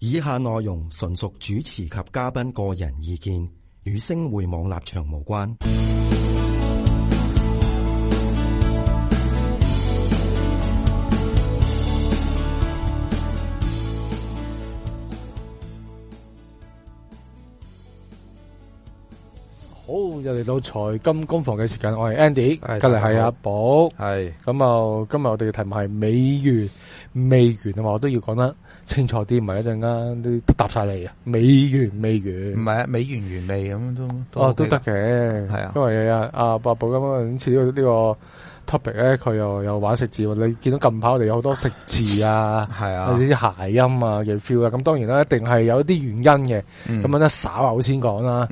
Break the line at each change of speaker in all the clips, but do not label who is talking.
以下內容純屬主持及嘉賓個人意見，與星匯網立場無關。
好，又嚟到財金工房嘅時間，我係 Andy，隔籬係阿寶，係咁啊。今日我哋嘅題目係美元、美元啊嘛，我都要講啦。清楚啲，唔係一陣間都答晒你啊！美元、美元，唔係啊，美元完美。咁樣都，都可以哦，都得嘅，係是啊，啊，因為有有啊，阿伯寶咁啊，似呢個。這個 topic 咧佢又有玩食字，你見到近排我哋有好多食字啊，係啊呢啲諧音啊嘅 feel 啊，咁當然啦，一定係有一啲原因嘅，咁啊得稍後先講啦。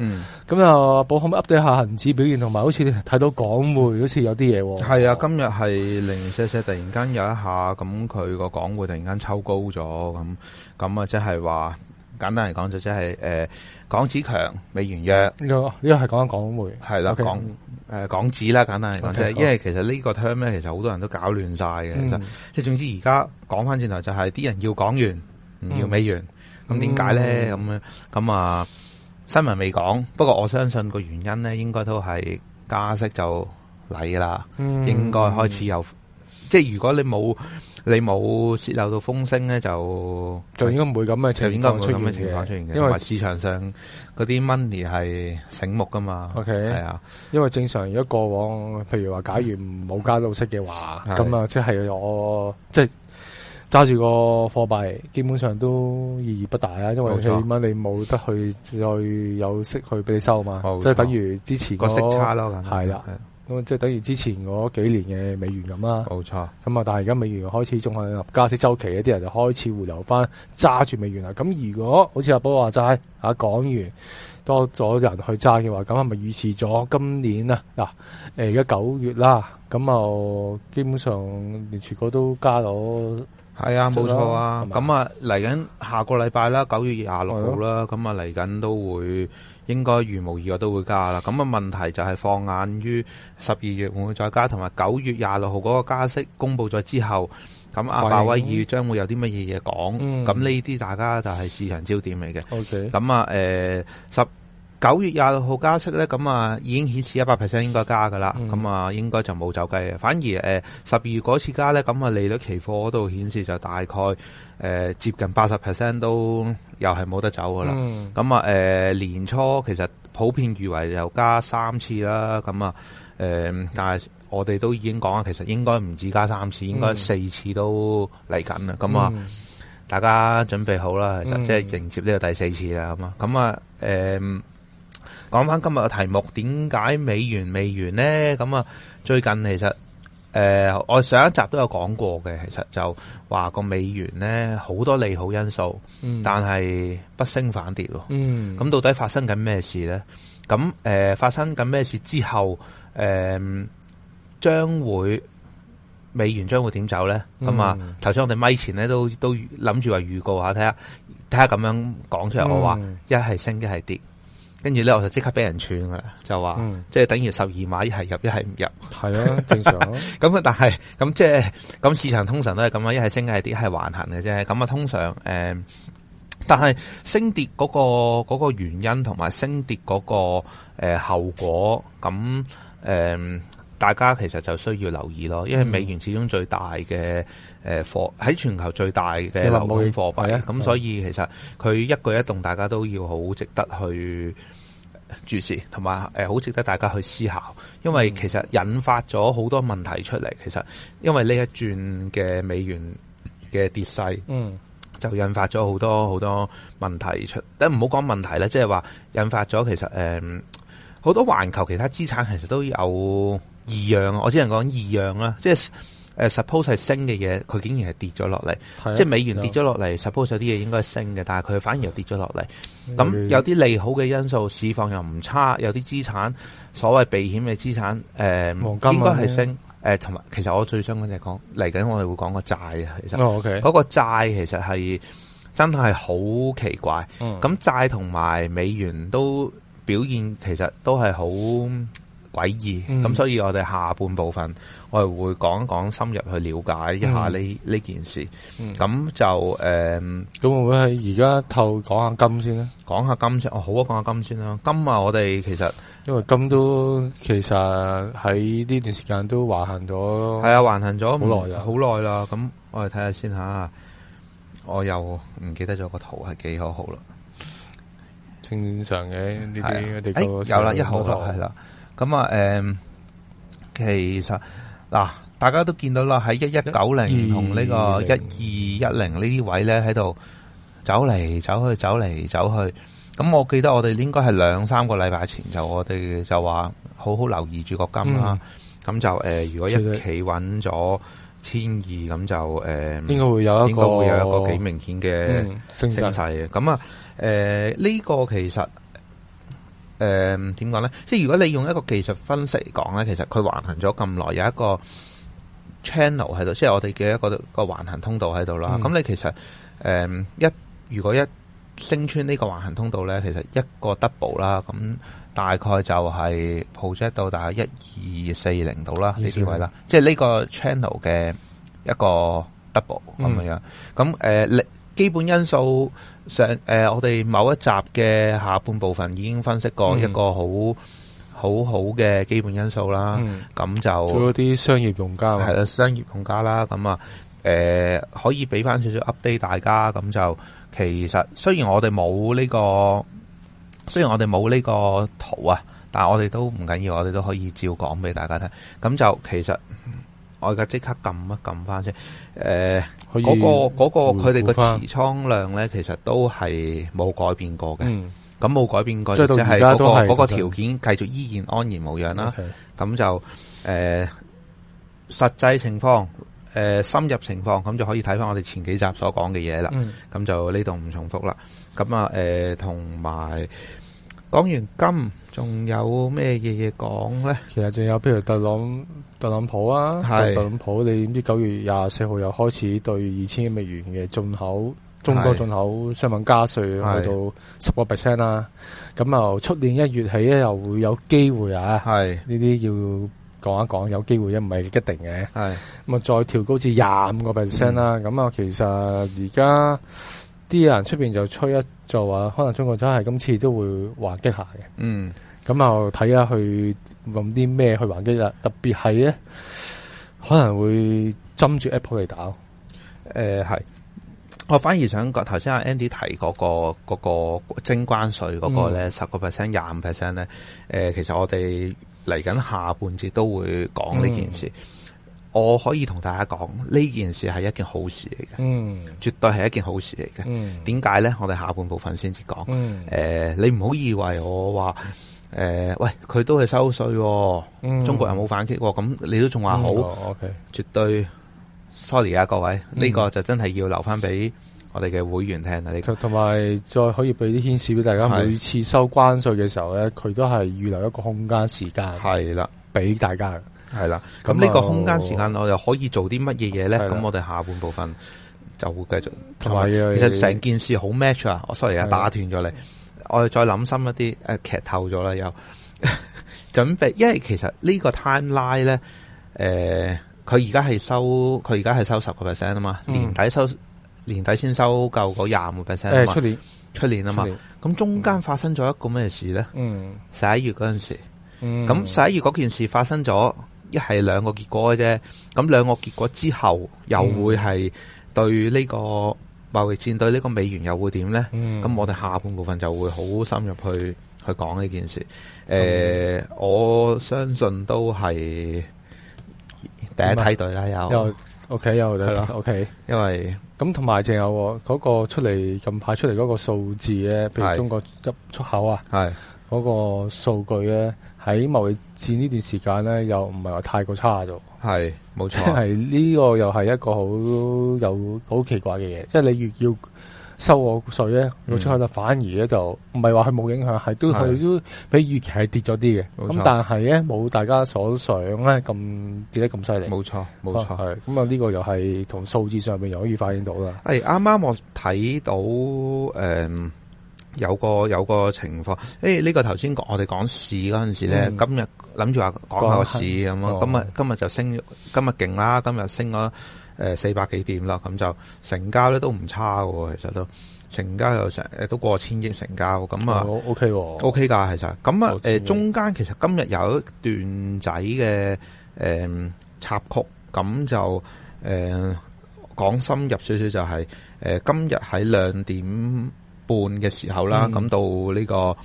咁又補好 update 下
恆指表現，同埋好似睇到港匯、嗯、好似有啲嘢喎。係啊，今日係零零舍舍，突然間有一下，咁佢個港匯突然間抽高咗，咁咁啊，即係話。簡單嚟講就即係誒港紙強美元弱，呢個呢個係講緊港匯係啦，港誒港紙啦，簡單嚟講即係，Okay. 因為其實呢個 term 咧，其實好多人都搞亂晒嘅，嗯、其實即係總之而家講翻轉頭就係、是、啲人要港元，唔要美元，咁點解咧？咁樣咁啊新聞未講，不過我相信個原因咧，應該都係加息就嚟啦，嗯、應該開始有。即係如果你冇你冇洩漏到風聲咧，就應就應該唔會咁嘅情，就應該唔會出現嘅情況出現嘅。因為市場上嗰啲 money 係醒目噶嘛，OK 係啊。
因為正常如果過往，譬如話，假如冇加到息嘅話，咁啊、嗯，即係我即係揸住個貨幣，基本上都意義不大啊。因為點啊，錯你冇得去再有息去俾你收嘛，即係錯等於之前個息差咯。係啦。的咁即係等於之前嗰幾年嘅美元咁啦，冇錯。咁啊，但係而家美元開始仲係加息周期，一啲人就開始回流翻揸住美元啦。咁如果好似阿波話齋，啊港元多咗人去揸嘅話，咁係咪預示咗今年啊？嗱，誒而家九月啦，咁啊基本上連全股都加到，係啊，冇錯啊。
咁啊嚟緊下個禮拜啦，九月廿六號啦，咁啊嚟緊都會。應該如無意外都會加啦。咁啊問題就係放眼於十二月會唔會再加，同埋九月廿六號嗰個加息公佈咗之後，咁阿鮑威爾將會有啲乜嘢嘢講？咁呢啲大家就係市場焦點嚟嘅。OK，咁啊誒十。九月廿六號加息咧，咁啊已經顯示一百 percent 應該加噶啦。咁、嗯、啊應該就冇走雞啊。反而誒十二月嗰次加咧，咁啊利率期貨嗰度顯示就大概誒、呃、接近八十 percent 都又係冇得走噶啦。咁、嗯、啊誒、呃、年初其實普遍預為又加三次啦，咁啊誒、呃，但係我哋都已經講啦，其實應該唔止加三次，應該四次都嚟緊啦。咁、嗯嗯、啊，大家準備好啦，其實即係迎接呢個第四次啦。咁啊，咁啊誒。嗯講翻今日嘅題目，點解美元未完呢？咁啊，最近其實誒、呃，我上一集都有講過嘅，其實就話個美元咧好多利好因素，嗯、但係不升反跌咯。咁、嗯、到底發生緊咩事咧？咁誒、呃，發生緊咩事之後，誒、呃，將會美元將會點走咧？咁啊，頭先我哋咪前咧都都諗住話預告下，睇下睇下咁樣講出嚟，嗯、我話一係升一係跌。跟住咧，我就即刻俾人串㗎啦，就話，嗯、即係等於十二碼，一係入，一係唔入，係啊，正常。咁啊， 但係咁即係咁，市場通常都係咁啊，一係升，一係跌，一係橫行嘅啫。咁啊，通常誒、呃，但係升跌嗰個嗰個原因同埋升跌嗰、那個誒、呃、後果，咁、呃、誒，大家其實就需要留意咯，因為美元始終最大嘅誒、呃、貨喺全球最大嘅流通貨幣啊，咁所以其實佢一舉一動，大家都要好值得去。注視同埋誒，好值得大家去思考，因為其實引發咗好多問題出嚟。其實因為呢一轉嘅美元嘅跌勢，嗯，就引發咗好多好多問題出。但唔好講問題啦，即係話引發咗其實呃，好多環球其他資產其實都有異樣。我只能講異樣啦，即係。誒、uh, suppose 係升嘅嘢，佢竟然係跌咗落嚟，是的即係美元跌咗落嚟。的 suppose 有啲嘢應該係升嘅，但係佢反而又跌咗落嚟。咁、嗯、有啲利好嘅因素，市況又唔差，有啲資產，所謂避險嘅資產，誒、黃金啊、應該係升。誒同埋，其實我最想講就係講嚟緊，我哋會講個債。其實嗰、哦 okay、個債其實係真係好奇怪。咁、嗯、債同埋美元都表現其實都係好詭異，咁所以我哋下半部分我哋會講一講，深入去了解一下呢呢件事。咁就誒，咁會唔會係而家透講下金先咧？講下金先，哦好啊，講下金先啦。金啊，我哋其實因為金都其實喺呢段時間都橫行咗，係啊，橫行咗好耐啦，好耐啦。咁我哋睇下先吓，我又唔記得咗個圖係幾好好啦，正常嘅呢啲我哋個有啦，一毫係啦。咁啊，誒、嗯，其實嗱、啊，大家都見到啦，喺一一九零同呢個一二一零呢啲位咧喺度走嚟走去走嚟走去。咁我記得我哋應該係兩三個禮拜前就我哋就話好好留意住個金啦、啊。咁、嗯、就誒、呃，如果一企穩咗千二，咁就誒，應該會有一個應會有一個幾明顯嘅升勢嘅。咁、嗯、啊，誒、呃，呢、這個其實。誒，點講咧？即係如果你用一個技術分析嚟講咧，其實佢橫行咗咁耐，有一個 channel 喺度，即係我哋嘅一個一個橫行通道喺度啦。咁、嗯、你其實誒、嗯，一如果一升穿呢個橫行通道咧，其實一個 double 啦，咁大概就係 project 到大概一二四零度啦，呢啲位啦。即係呢個 channel 嘅一個 double 咁、嗯、樣。咁誒、呃，你。基本因素上，誒、呃，我哋某一集嘅下半部分已經分析過一個好、嗯、好好好嘅基本因素啦。咁、嗯、就做一啲商業用家，係啦，商業用家啦。咁啊，誒、呃，可以俾翻少少 update 大家。咁就其實雖然我哋冇呢個，雖然我哋冇呢個圖啊，但係我哋都唔緊要，我哋都可以照講俾大家聽。咁就其實。我而家即刻撳一撳翻先，誒、呃、嗰個、嗰個佢哋、個持倉量咧，其實都係冇改變過嘅，咁冇、嗯、改變過，即係嗰個條件繼續依然安然無恙啦。咁、嗯、就誒、呃、實際情況，誒、呃、深入情況，咁就可以睇翻我哋前幾集所講嘅嘢啦。咁、嗯、就呢度唔重複啦。咁啊誒同埋，呃講完金，仲有咩嘢嘢
講咧？其實仲有，譬如特朗普、特朗普啊，是特朗普，你知唔知九月廿四號又開始對二千億美元嘅進口，中國進口商品是加稅去到十個 percent 啦。咁啊，出是年一月起又會有機會啊。係呢啲要講一講，有機會啫，唔係一定嘅。係咁是啊，再調高至廿五個 percent 啦。咁啊，其實而家。啲人出邊就吹一就話，可能中國真係今次都會還擊下嘅。嗯，咁啊睇下去
用啲咩去還擊啦。特別係咧，可能會針住 Apple 嚟打。誒、呃，係，我反而想講頭先阿 Andy 提嗰、嗰個嗰、嗰個徵關稅嗰個咧，十個 percent、廿五 percent 咧。誒、呃，其實我哋嚟緊下半節都會講呢件事。嗯我可以同大家講呢件事係一件好事嚟嘅，嗯，絕對係一件好事嚟嘅。嗯，點解咧？我哋下半部分先至講。誒、嗯呃，你唔好以為我話，誒、呃，喂，佢都係收稅、啊，嗯、中國人冇反擊、啊，咁你都仲話好,、嗯、好？O、okay, K，絕對。Sorry 啊，各位，呢、嗯、個就真係要留翻俾我哋嘅會員聽、啊。你同埋再可以俾啲暗示俾大家，的每次
收關稅嘅時候咧，佢都係預留一個空間時
間，係啦，俾大家。的係啦，咁呢個空間時間我又可以做啲乜嘢嘢咧？咁、嗯、我哋下半部分就會繼續。同埋才，其實成件事好 match 啊、嗯！我 sorry，打斷咗你，的我哋再諗深一啲，誒、呃，劇透咗啦，又 準備，因為其實個 time line 呢個 timeline 咧，誒、呃，佢而家係收，佢而家係收十個 percent 啊嘛，嗯、年底收，年底先收夠嗰廿五個 percent 嘛，出、欸、年出年啊嘛，咁年中間發生咗一個咩事咧？嗯，十一月嗰陣時，咁十一月嗰件事發生咗。一係兩個結果嘅啫，咁兩個結果之後又會係對呢個貿易戰對呢個美元又會點咧？咁、嗯、我哋下半部分就會好深入去去講呢件事。誒、呃，嗯、我相信都係第一梯隊、okay, 啦。有
，OK，有啦，OK。因為咁同埋，仲有嗰、嗰個出嚟近排出嚟嗰個數字咧，譬如中國入出口啊，係。嗰個數據咧，喺貿易戰呢段時間咧，又唔係話太過差咗，係冇錯，即係呢個又係一個好有好奇怪嘅嘢，即係、嗯、你越要收我稅咧，個出口反而咧就唔係話佢冇影響，係都佢是都比預期係跌咗啲嘅，咁錯但係咧冇大家所想咧咁跌得咁犀利，冇錯冇錯，係咁啊呢個又係同數字上面又可以反映到啦，
係啱啱我睇到誒。嗯有個有個情況，誒呢個頭先我哋講市嗰陣時咧，今日諗住話講下個市咁啊，今日今日就升，今日勁啦，今日升咗誒四百幾點啦，咁就成交咧都唔差喎，其實都成交又成誒都過千億成交，咁啊 OK 喎，OK 㗎，其實咁啊誒中間其實今日有一段仔嘅誒插曲，咁就誒講深入少少就係誒今日喺兩點半嘅時候啦，咁、嗯、到呢個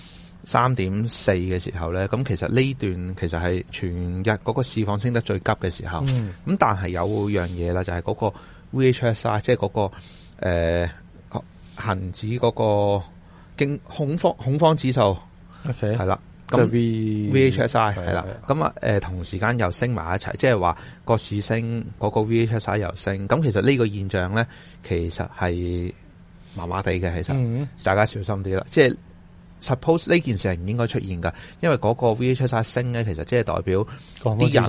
三點四嘅時候咧，咁其實呢段其實係全日嗰個市況升得最急嘅時候。咁、嗯、但係有樣嘢啦，就係、係、嗰個 VHSI，即係嗰、嗰個、呃、恒指嗰、嗰個恐慌恐慌指數，係啦 Okay,，咁 VHSI 係啦，咁啊對、呃、同時間又升埋一齊，即係話個市升，嗰、嗰個 VHSI 又升。咁其實呢個現象咧，其實係，麻麻地嘅，其實大家小心啲啦。嗯、即係 suppose 呢件事係唔應該出現噶，因為嗰個 VH 出價升咧，其實即係代表啲人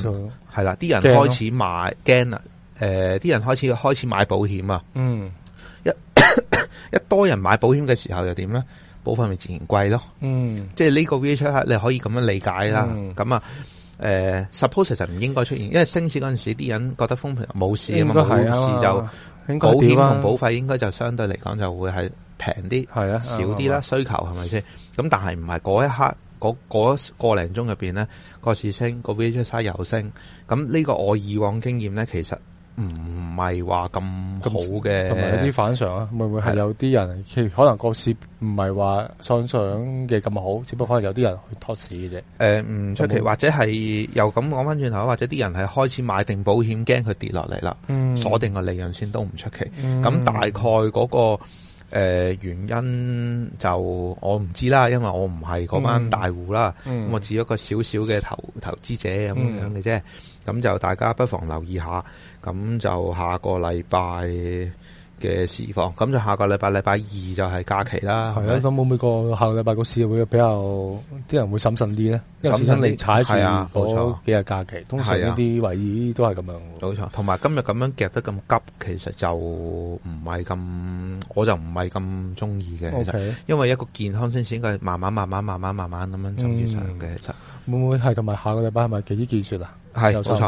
係啦，啲、哦、人開始買驚啦。誒、啲、呃、人開始開始買保險啊。嗯，一 一多人買保險嘅時候又點咧？保費咪自然貴咯。嗯，即係呢個 VH 出你可以咁樣理解啦。咁、嗯、啊，誒、呃、suppose 其實唔應該出現，因為升市嗰陣時啲人覺得風平冇事啊嘛，冇事就。保險同保費應該就相對嚟講就會係平啲，係啊，少啲啦，嗯、需求係咪先？咁但係唔係嗰一刻，嗰嗰、嗰個零鐘入邊咧，個市升，個 VHSA 又升，咁呢個我以往經驗咧，其實。唔係話咁好嘅，同埋有啲反常啊！
會唔會係有啲人，的其實可能個市唔
係話上上嘅咁好，只不過可能有啲人去拖市嘅啫。誒、呃，唔出奇，麼或者係又咁講翻轉頭，或者啲人係開始買定保險，驚佢跌落嚟啦，鎖、嗯、定個利潤先都唔出奇。咁、嗯、大概嗰、那個。誒、呃、原因就我唔知啦，因為我唔係嗰班大戶啦，嗯嗯、我只一個小小嘅投投資者，咁樣嘅啫，咁、嗯、就大家不妨留意下，咁就下個禮拜嘅市況，咁就下個禮拜禮拜二就係假期啦。係啊，咁
冇每個下個禮拜個市會比較啲人會審慎啲咧。審慎嚟踩住，冇錯，幾日假期，錯通常呢啲
位都係咁樣。冇錯的，同埋錯今日咁樣夾得咁急，其實就唔係咁，我就唔係咁中意嘅。其實，因為一個健康先，先應該慢慢、慢慢、慢慢、慢慢咁樣走住上嘅，其實、嗯。會唔會係同埋
下個禮拜係咪期指結算啊？係，
又嗱，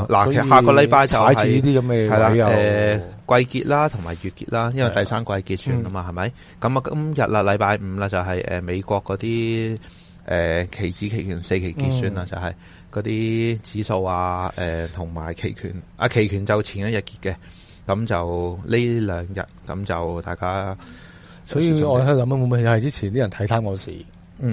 下個禮拜就係呢啲咁嘅，誒，季結啦，同埋月結啦，因為第三季結算啊嘛，係咪？咁啊，今日啦，禮拜五啦，就係誒美國嗰啲誒期指、期權、四期結算啦，就係嗰啲指數啊，誒，同埋期權。啊，期權就前一日結嘅，咁就呢兩日，咁就大家。
所以我諗啊，會唔會又係之前啲人睇差我時？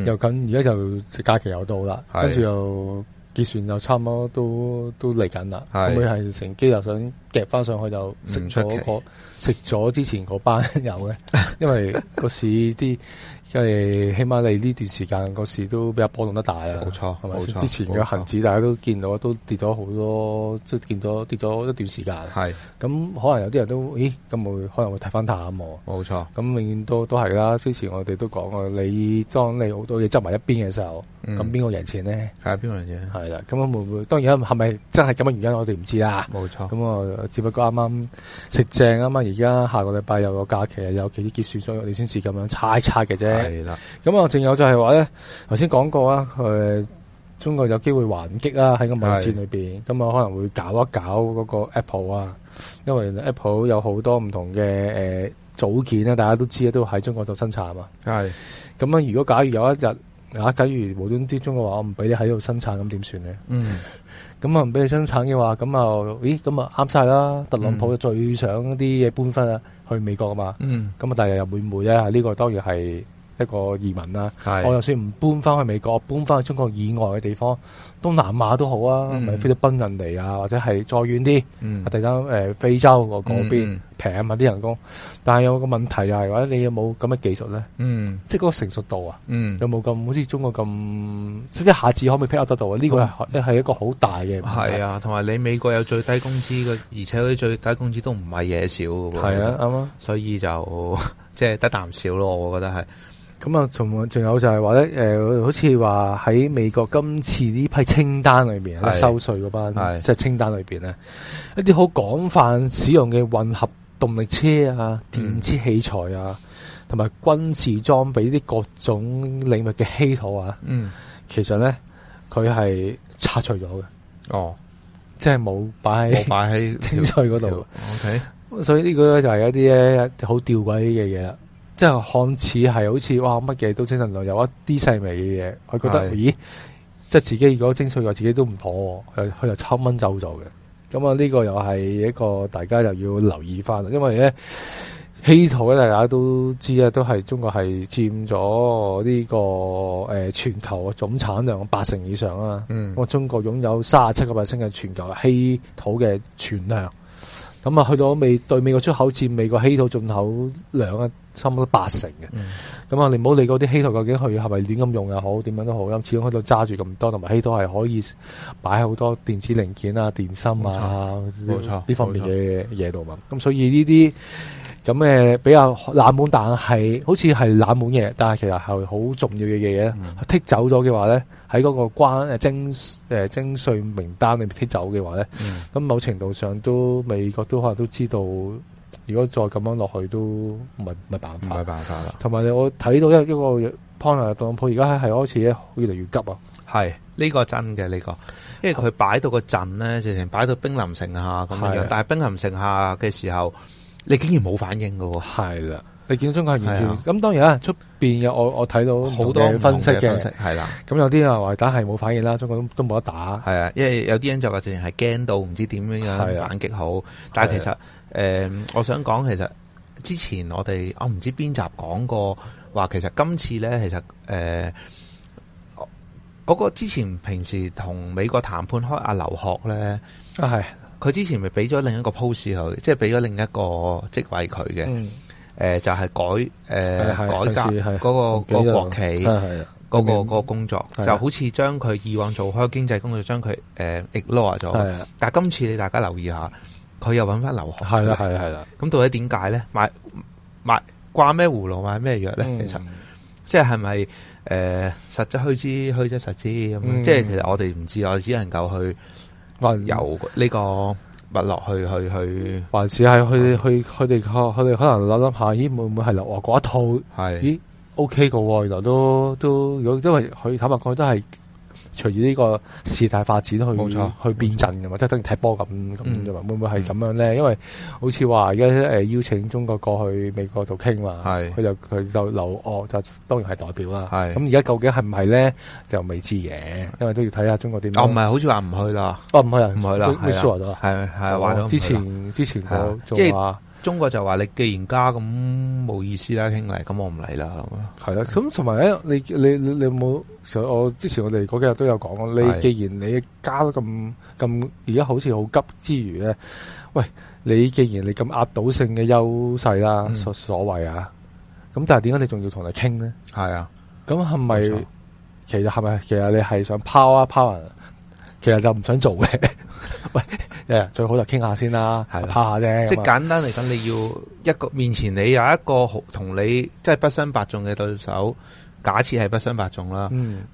又近，而家、嗯、就假期又到
啦，跟住是的 又
結算又差唔多都都嚟緊啦。咁佢係乘機又想夾翻上去就食咗、嗰個食咗、嗯 okay、之前嗰班油呢， 因為個市啲。 因為起碼你呢段時間個市都比較波動得大啊，冇錯錯，係咪？錯之前嘅恒指大家都見到都跌咗好多，即係見到跌咗一段時間。係咁是，那可能有啲人都，咦咁會可能會睇翻淡喎。冇錯錯，咁永遠都都係啦。之前我哋都講過，你當你好多嘢執埋一邊嘅時候，咁邊個贏錢咧？係
邊樣嘢？係
啦，咁會唔會？當然啦，係咪真係咁嘅原因？我哋唔知啦。冇錯錯，咁我只不過啱啱食正啱啱而家下個禮拜有個假期啊，有幾啲結算咗，你先至咁樣猜一猜嘅啫。係啦，咁啊，仲、嗯嗯、有就係話咧，頭先講過啊，誒，中國有機會還擊啦，喺個貿易戰裏邊，咁啊，可能會搞一搞嗰個 Apple 啊，因為 Apple 有好多唔同嘅，誒、呃、組件啦，大家都知啊，都喺中國度生產啊嘛。係是的、嗯，咁啊，如果假如有一日啊，假如無端端中國話我唔俾你喺度生產，咁點算咧？嗯，咁啊唔俾你生產嘅話，咁啊，咦，咁啊啱晒啦，特朗普最想啲嘢搬翻啊去美國啊嘛。嗯，第日，咁啊，但係又會唔會啊？呢個當然係。一個移民啊，我就算唔搬翻去美國，搬翻去中國以外嘅地方，東南亞都好啊，咪菲律賓印尼啊，或者係再遠啲，第三誒非洲嗰嗰邊平啊嘛啲人工，但係有個問題就係話，你有冇咁嘅技術咧？嗯，即係嗰個成熟度啊，有冇咁好似中國咁，即一下子可唔可以批得到啊？呢個係一
個好大嘅問題啊，同埋你美國有最低工資嘅，而且啲最低工資都唔係嘢少，係啊啱啊，所以就即係得啖少咯，我覺得係。
咁啊，仲仲有就係話咧，誒、呃，好似話喺美國今次呢批清單裏面，是收稅嗰班即係是清單裏邊咧，一啲好廣泛使用嘅混合動力車啊、電子器材啊，同埋、嗯、軍事裝備啲各種領域嘅稀土啊，嗯，其實咧佢係拆除咗嘅。哦，即係冇擺喺，擺喺清脆嗰度，OK，所以呢個就係一啲咧好吊詭嘅嘢啦。即係看似係好似哇乜嘢都精神量有一啲細微嘅嘢，佢覺得是的 咦，即係自己如果精粹過自己都唔妥，又佢又抽蚊走咗嘅。咁啊呢、這個又係一個大家又要留意翻啦，因為咧稀土咧大家都知啦，都係中國係佔咗呢個誒、呃、全球的總產量八成以上啊。我、嗯、中國擁有三十七個 percent 嘅全球稀土嘅存量，咁啊去到未對美國出口，占美國稀土進口量。啊。差唔多八成嘅，咁啊、嗯，你唔好理嗰啲稀土究竟佢係咪亂咁用又好，點樣都好，咁始終喺度揸住咁多，同埋稀土係可以擺喺好多電子零件啊、電芯啊，冇錯錯，呢方面嘅嘢度嘛。咁錯所以呢啲咁嘅比較冷門，但係好似係冷門嘢，但係其實係好重要嘅嘅嘢，嗯、剔走咗嘅話咧，喺嗰個關誒徵誒徵稅名單裏面剔走嘅話咧，咁、嗯、某程度上都美國都可能都知道。如果再咁樣落去都唔係唔係辦法，唔係辦法啦。同埋我睇到一一個 point 啊，特朗普而家係開始越嚟越急啊。
係呢個真嘅呢個，因為佢擺到個陣咧，直情擺到兵臨城下咁樣。的但係兵臨城下嘅時候，你竟然冇反應㗎喎。係啦的，你見到中國完全咁。的當然啦、啊，出邊有
我我睇到好多分析嘅，係啦。
咁的有啲啊話打係冇反應啦，中國都冇得打。係啊，因為有啲人就話直情係驚到唔知點樣樣反擊好，的但係其實。誒、嗯，我想講，其實之前我哋我唔知邊集講過話，其實今次咧，其實誒，嗰、呃那個之前平時同美國談判開劉鶴咧，係、啊，佢之前咪俾咗另一個 post 佢，即係俾咗另一個職位佢嘅，誒、嗯呃、就係、是、改誒、呃、的改革嗰、那個、那個國企，嗰、那個個工作的就好似將佢以往做開經濟工作，將佢誒 ignore 咗，的但係今次你大家留意一下。佢又搵返留學，係啦係啦係啦，咁到底點解呢？買買，掛咩葫蘆買咩藥呢？其、嗯呃、實即係係咪誒實則虛之，虛則實之，即係其實我哋唔知，我哋只能夠去可能由呢個物落去去去。還是係去
去佢哋佢哋可能諗諗下，咦？會唔會係留學嗰一套？的咦？OK 㗎喎、啊，原來都都，如果都係，佢坦白講都係。隨住呢個事態發展去去變陣嘅嘛，即係等於踢波咁咁啫嘛。會唔會係咁樣咧？因為好似話而家邀請中國過去美國度傾嘛，佢就佢就劉鶴就當
然係代表啦。咁而
家究竟係唔係咧？就未知嘅，因為都要睇下中國點。哦唔係，好
似話唔去啦。哦，唔去，唔去啦。Miss 係係之前之前即係。中國就話你既然加咁冇意思啦，傾嚟咁我唔嚟啦，係嘛的？係啦的，
咁同埋咧，你你你冇，我之前我哋嗰幾日都有講過。你既然你加得咁咁，而家好似好急之餘咧，喂，你既然你咁壓倒性嘅優勢啦、嗯，所所謂啊，咁但係點解你仲要同佢傾咧？係啊的，咁係咪其實係咪其實你係想拋啊拋啊？其實就唔想做嘅， 喂，誒，最好就傾下先啦，係怕下啫。即係簡單
嚟講，你要一個面前你有一個同你即係不相伯仲嘅對手，假設係不相伯仲啦。咁、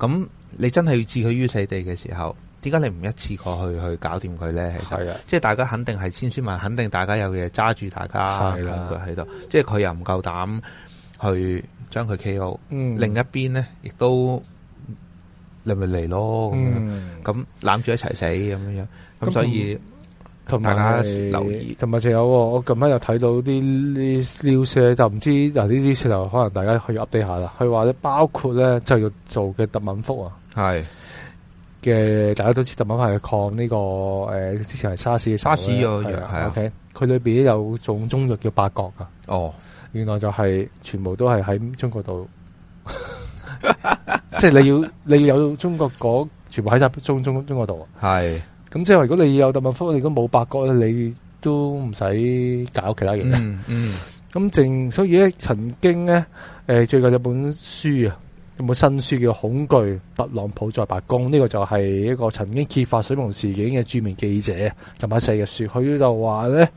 嗯、你真係要置佢於死地嘅時候，點解你唔一次過去去搞掂佢咧？係啊，是的 即係大家肯定係千千萬，肯定大家有嘢揸住，大家恐佢喺度，即係佢又唔夠膽去將佢 K.O.。嗯、另一邊咧，亦都。你咪嚟咯咁攬住一齊死咁樣樣，咁、嗯、所以同大家留意。
同埋仲有我，我近排又睇到啲啲消息就唔知嗱呢啲事就可能大家去 update 下啦。佢話咧包括咧就要做嘅特敏福啊，係嘅是，大家都知特敏係抗呢、這個誒、呃，之前係沙士沙士藥，係 OK 佢裏邊有種中藥叫八角噶，哦，原來就係、是、全部都係喺中國度。 即係你要你要有中國嗰全部喺晒中中中國度啊，係咁是的 即係如果你有特朗普，你都冇發角，咧，你都唔使搞其他嘢、嗯。嗯，咁正所以咧，曾經咧，誒、呃、最近有本書啊，有本新書叫《恐懼特朗普在白宮》這，呢個就係一個曾經揭發水門事件嘅著名記者，就喺四嘅書，佢就話咧，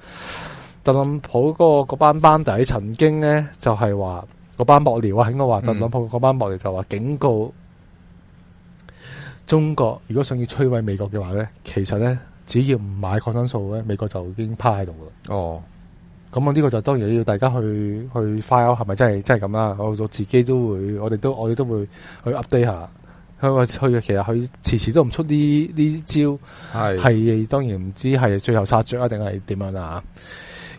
特朗普嗰個嗰班班底曾經咧就係話。個班幕僚啊，喺我話特朗普個班幕僚就話警告中國，如果想要摧毀美國嘅話咧，其實咧只要唔買抗生素咧，美國就已經趴喺度啦。哦，咁我呢個就當然要大家去去 follow 係，係咪真係真係咁啦我？我自己都會，我哋都我哋都會去 update 下，去去其實佢遲遲都唔出呢呢招，係系是當然唔知係最後殺着啊，定係點樣啦、啊？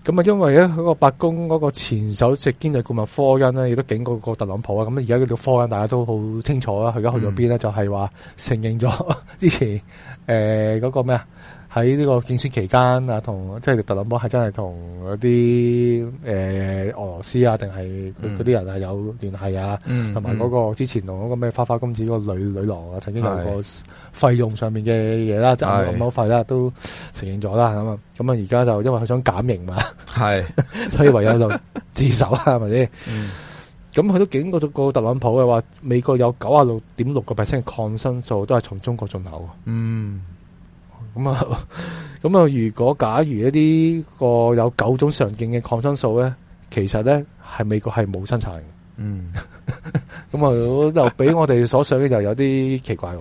咁啊，因為咧喺個白宮嗰個前首席經濟顧問科恩咧，亦都警告過特朗普啊，咁而家叫做科恩大家都好清楚啦，佢而家去咗邊咧？嗯、就係話承認咗之前嗰、呃嗰個咩啊？喺呢個競選期間啊，同即係特朗普係真係同嗰啲誒俄羅斯啊，定係嗰啲人係有聯繫啊，同埋嗰個之前同嗰個咩花花公子嗰個女女郎啊，曾經有個費用上面嘅嘢啦，就咁多費啦都承認咗啦，咁啊是，咁啊，而家就因為佢想減刑嘛，係是， 所以唯有就自首啦，啊，係咪先？咁佢、嗯、都警告咗個特朗普嘅話，美國有九啊六點六個 percent 抗生素都係從中國進口。嗯。咁啊，咁啊，如果假如一啲個有九種常見嘅抗生素咧，其實咧係美國係冇生產嘅。嗯，咁啊，又俾我哋所想嘅，就有啲奇怪的。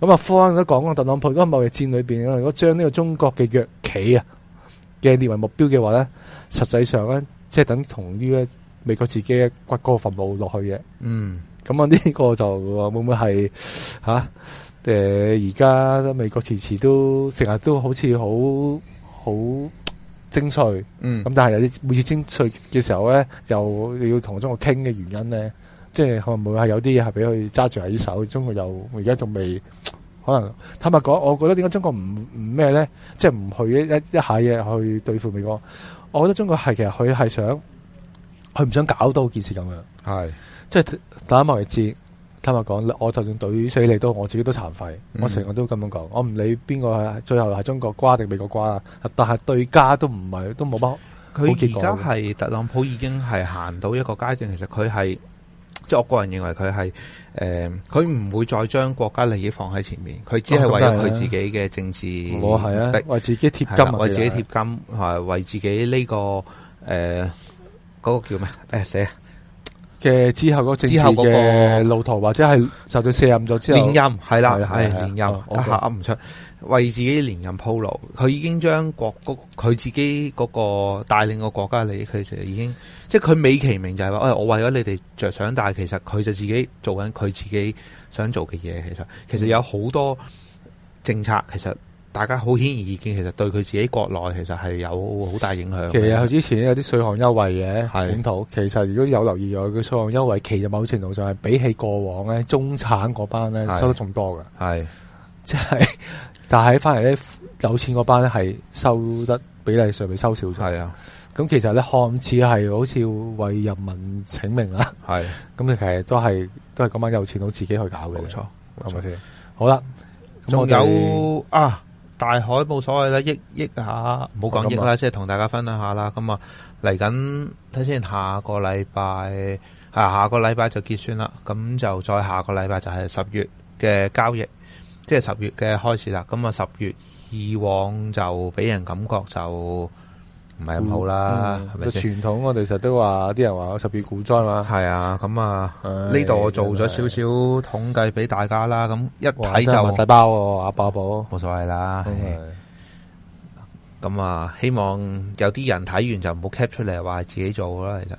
咁啊，科都講過，特朗普喺貿易戰裏邊如果將呢個中國嘅藥企啊嘅列為目標嘅話咧，實際上咧即係等同於咧美國自己嘅骨個墳墓落去嘅。嗯，咁啊，呢個就會唔會係吓？誒，而家美國遲遲，都成日都好似好好精粹，嗯，咁但係有啲每次精粹嘅時候咧，又要同中國傾嘅原因咧，即係可能會係有啲嘢係俾佢揸住喺手，中國又而家仲未可能坦白講，我覺得點解中國唔唔咩咧？即係唔去一一下嘢去對付美國，我覺得中國係其實佢係想，佢唔想搞多件事咁樣，係是，即係打埋嚟戰。坦白講，我就算懟死你都，我自己都殘廢，嗯。我成日都咁樣講，我唔理邊個係最後係中國瓜定美國瓜啊！但係對家都唔係，都冇乜。佢而家
係特朗普已經係行到一個階段，其實佢係即係我個人認為佢係誒，佢、呃、唔會再將國家利益放喺前面，佢只係為咗佢自己嘅政治，係啊，為自己貼金、啊啊，為自己貼金，誒，為自己呢、這個誒嗰、呃那個叫咩？誒、哎，寫。
嘅之後嗰政治嘅
路途，那個、或者係受到卸任咗之後，連任，係啦，係連任，我吓諗唔出，為自己連任鋪路。佢已經將國佢自己嗰個帶領個國家利益，佢其實已經，即係佢美其名就係、是、話、哎，我為咗你哋着想，但係其實佢就自己做緊佢自己想做嘅嘢。其實其實有好多政策，其實。大家好，顯而易見，其實對佢自己國內其實係有好大影響。其實佢之
前有啲稅項優惠嘅，係本土。其實如果有留意咗佢稅項優惠，其實某程度上係比起過往咧，中產嗰班咧收得仲多嘅。係，即係，但係翻嚟咧，有錢嗰班咧係收得比例上面收少咗。係啊，咁其實咧看似係好似為人民請命啊。係，咁你其實都係都係咁樣有錢佬自己去搞嘅。冇錯，冇錯先。好啦的，仲有
啊。大海冇所謂啦，益益下，唔好講益啦，就是、即係同大家分享下啦。咁啊，嚟緊睇先，下個禮拜吓，下個禮拜就結算啦。咁就再下個禮拜就係十月嘅交易，即係十月嘅開始啦。咁啊，十月以往就俾人感覺就。唔係咁好啦，咪？傳統我哋成日都話，啲人話十月股災嘛。係啊，咁啊，呢度我做咗少少統計俾大家啦。咁一睇就，我真係包阿伯阿寶，冇所謂啦。咁啊，希望有啲人睇完就唔好 cap 出嚟，話自己做啦。其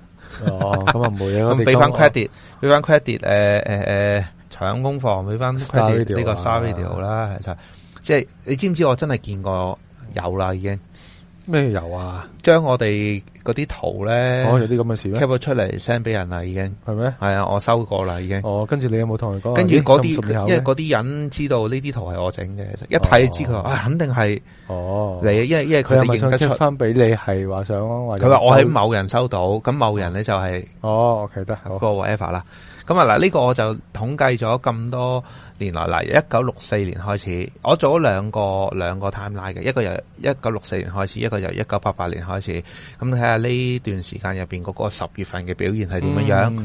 實哦，咁啊唔會啊，咁俾翻 credit，俾翻 credit，誒誒誒，搶工房俾翻 credit 呢個沙威條啦。其實即係你知唔知我真係見過有啦，已經。咩油啊？將我哋嗰啲圖咧，有啲咁嘅事 capture 出嚟 send 俾人啦，已經係咩？係啊，我收過啦，已經。哦，
跟住你有冇同佢講？跟住嗰啲，因為
嗰啲人知道呢啲圖係我整嘅，一睇知佢話啊，肯定係。
哦，你因為因為佢哋認得出。翻俾你係話想安慰，佢話我喺某
人收到，咁某人咧就係哦，OK 得，好，嗰個 Eva 啦。咁啊，嗱呢個我就統計咗咁多年來，嗱一九六四年開始，我做咗兩個兩個 timeline 嘅，一個由一九六四年開始，一個由一九八八年開始。咁睇下呢段時間入面嗰個十月份嘅表現係點樣樣？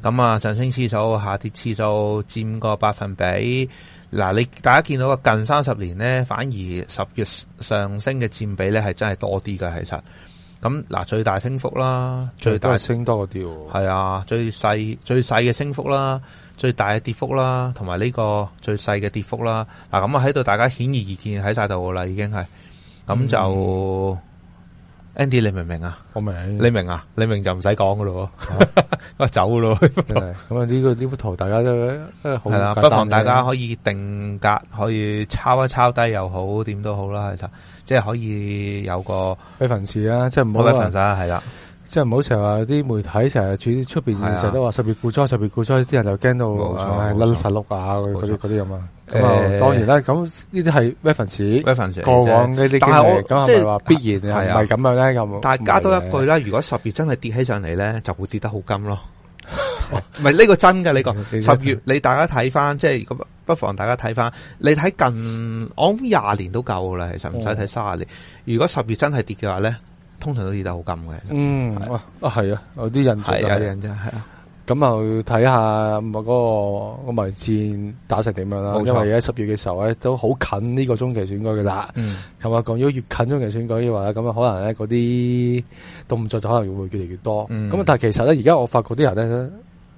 咁啊，嗯、上升次數、下跌次數佔個百分比，嗱你大家見到個近三十年呢，反而十月上升嘅佔比呢，係真係多啲嘅其實。咁嗱，最大升幅啦，最大升多啲喎、啊，係啊，最細最細嘅升幅啦，最大嘅跌幅啦，同埋呢個最細嘅跌幅啦，嗱、啊，咁啊喺度大家顯而易見喺晒度啦，已經係，咁就。嗯 Andy，你明唔明啊？我明，你明啊？你明就唔使講噶咯，喎，走㗎喇，
咁啊呢個呢幅圖，大家都係啦，不妨大家可
以定格，可以抄一抄低又好，點都好啦，其實即係可以有個
備分次啊，即係唔好備份晒，係啦，即係唔好成日話啲媒體成日住出邊成日都話十月股災，十月股災，啲人就驚到甩甩碌啊，嗰啲嗰啲咁啊。咁啊，當然啦，咁呢啲係
reference，reference 過往呢啲，但係我即係話必然係啊，係咁樣咧咁。大家都一句啦，如果十月真係跌起上嚟咧，就會跌得好金咯。唔係呢個真嘅呢個十月，你大家睇翻即係，如果不妨大家睇翻，你睇近我諗廿年都夠噶啦，其實唔使睇三廿年。如果十月真係跌嘅話咧，通常都跌得好金嘅。嗯，啊啊係啊，有啲印象係啊，印象真係啊。
咁啊，睇下唔嗰個個迷戰打成點樣啦。錯因為而家十月嘅時候咧，都好近呢個中期選舉噶啦。咁啊、嗯，講如果越近中期選舉，話話，咁啊，可能咧嗰啲動作就可能會越嚟越多。咁、嗯、但係其實咧，而家我發覺啲人咧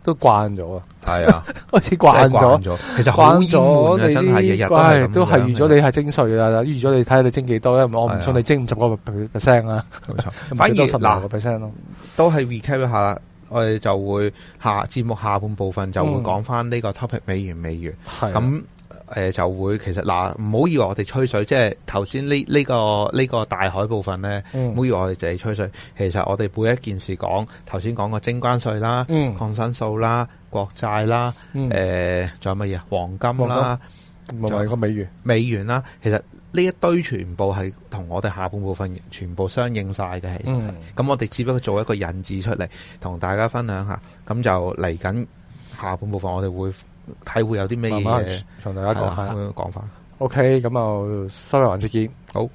都慣咗。係啊、哎呀，開始慣咗，你慣其實慣咗你，係都係預咗你係徵稅啦預咗你睇下你徵幾多咧，因為我唔信你徵五十個 percent 啦。冇錯，哎、呀 反而十個 percent
咯，都係 recap 一下。我哋就會下節目下半部分就會講翻呢個 topic 美元美元，咁是的、呃、就會其實嗱，唔、呃、好以為我哋吹水，即係頭先呢呢個呢、這個大海部分咧，唔好、嗯、以為我哋淨係吹水，其實我哋每一件事講，頭先講個徵關稅啦、抗生素啦、國債啦，誒、呃、仲有乜嘢黃金啦，同埋金就、個美元美元啦，其實。呢一堆全部係同我哋下半部分全部相應曬嘅。係咁、嗯、我哋只不過做一個引子出嚟，同大家分享一下，咁就嚟緊下，下半部分我哋會睇會有啲咩嘢，同大家講下，咁樣講法。
OK，咁就收尾環節先，好。